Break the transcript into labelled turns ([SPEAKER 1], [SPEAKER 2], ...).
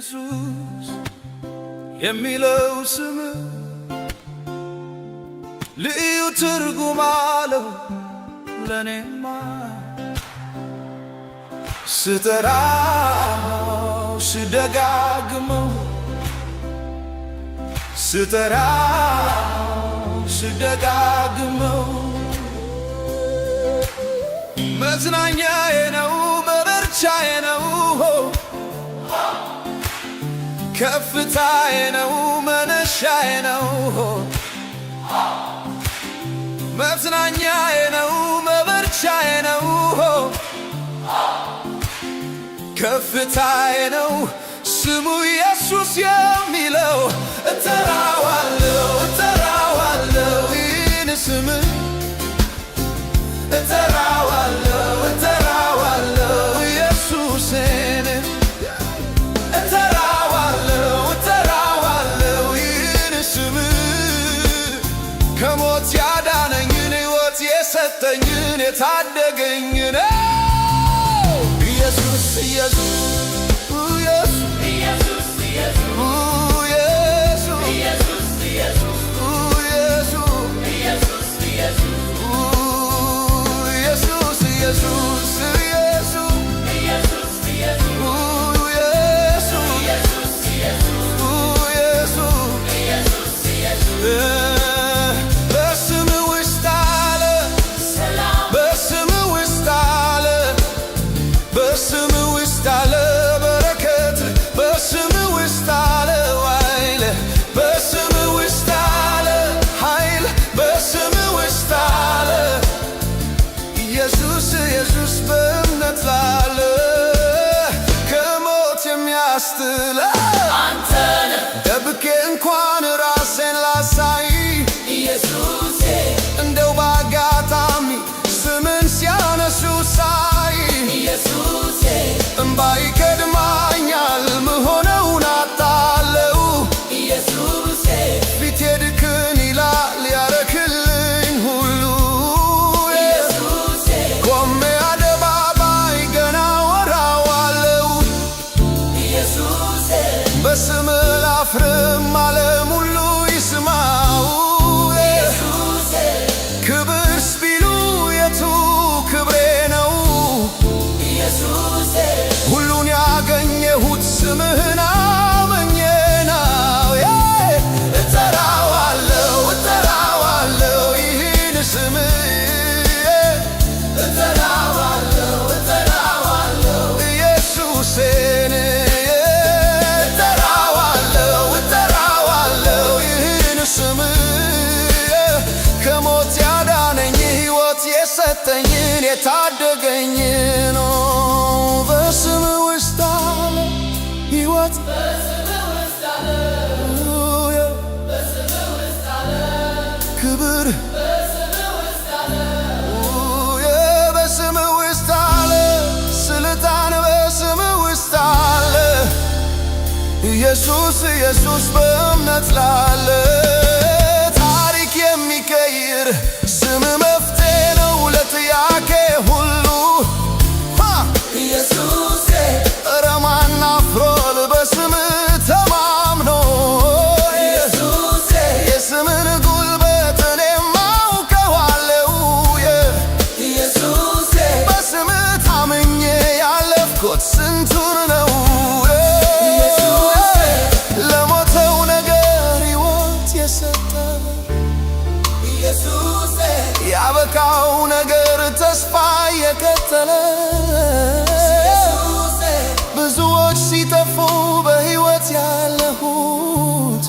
[SPEAKER 1] ኢየሱስ የሚለው ስም ልዩ ትርጉም አለው ለኔማ ስጠራው ስደጋግመው ስጠራው ስደጋግመው መዝናኛዬ ነው መበርቻዬ ነው ከፍታዬ ነው መነሻዬ ነው መዝናኛዬ ነው መበርቻዬ ነው ከፍታዬ ነው ስሙ ኢየሱስ የሚለው እተራ ከሞት ያዳነኝን ሕይወት የሰጠኝን ነው ኢየሱስ ኢየሱስ nasıl የታደገኝ ነው በስም ውስጥ አለ ሕይወት ክብር በስም ውስጥ አለ ስልጣን በስም ውስጥ አለ ኢየሱስ ኢየሱስ በእምነት ላለ ታሪክ የሚቀይር ስንቱን ነው ለሞተው ነገር ሕይወት የሰጠ ያበቃው ነገር ተስፋ የከተለ ብዙዎች ሲጠፉ በሕይወት ያለሁት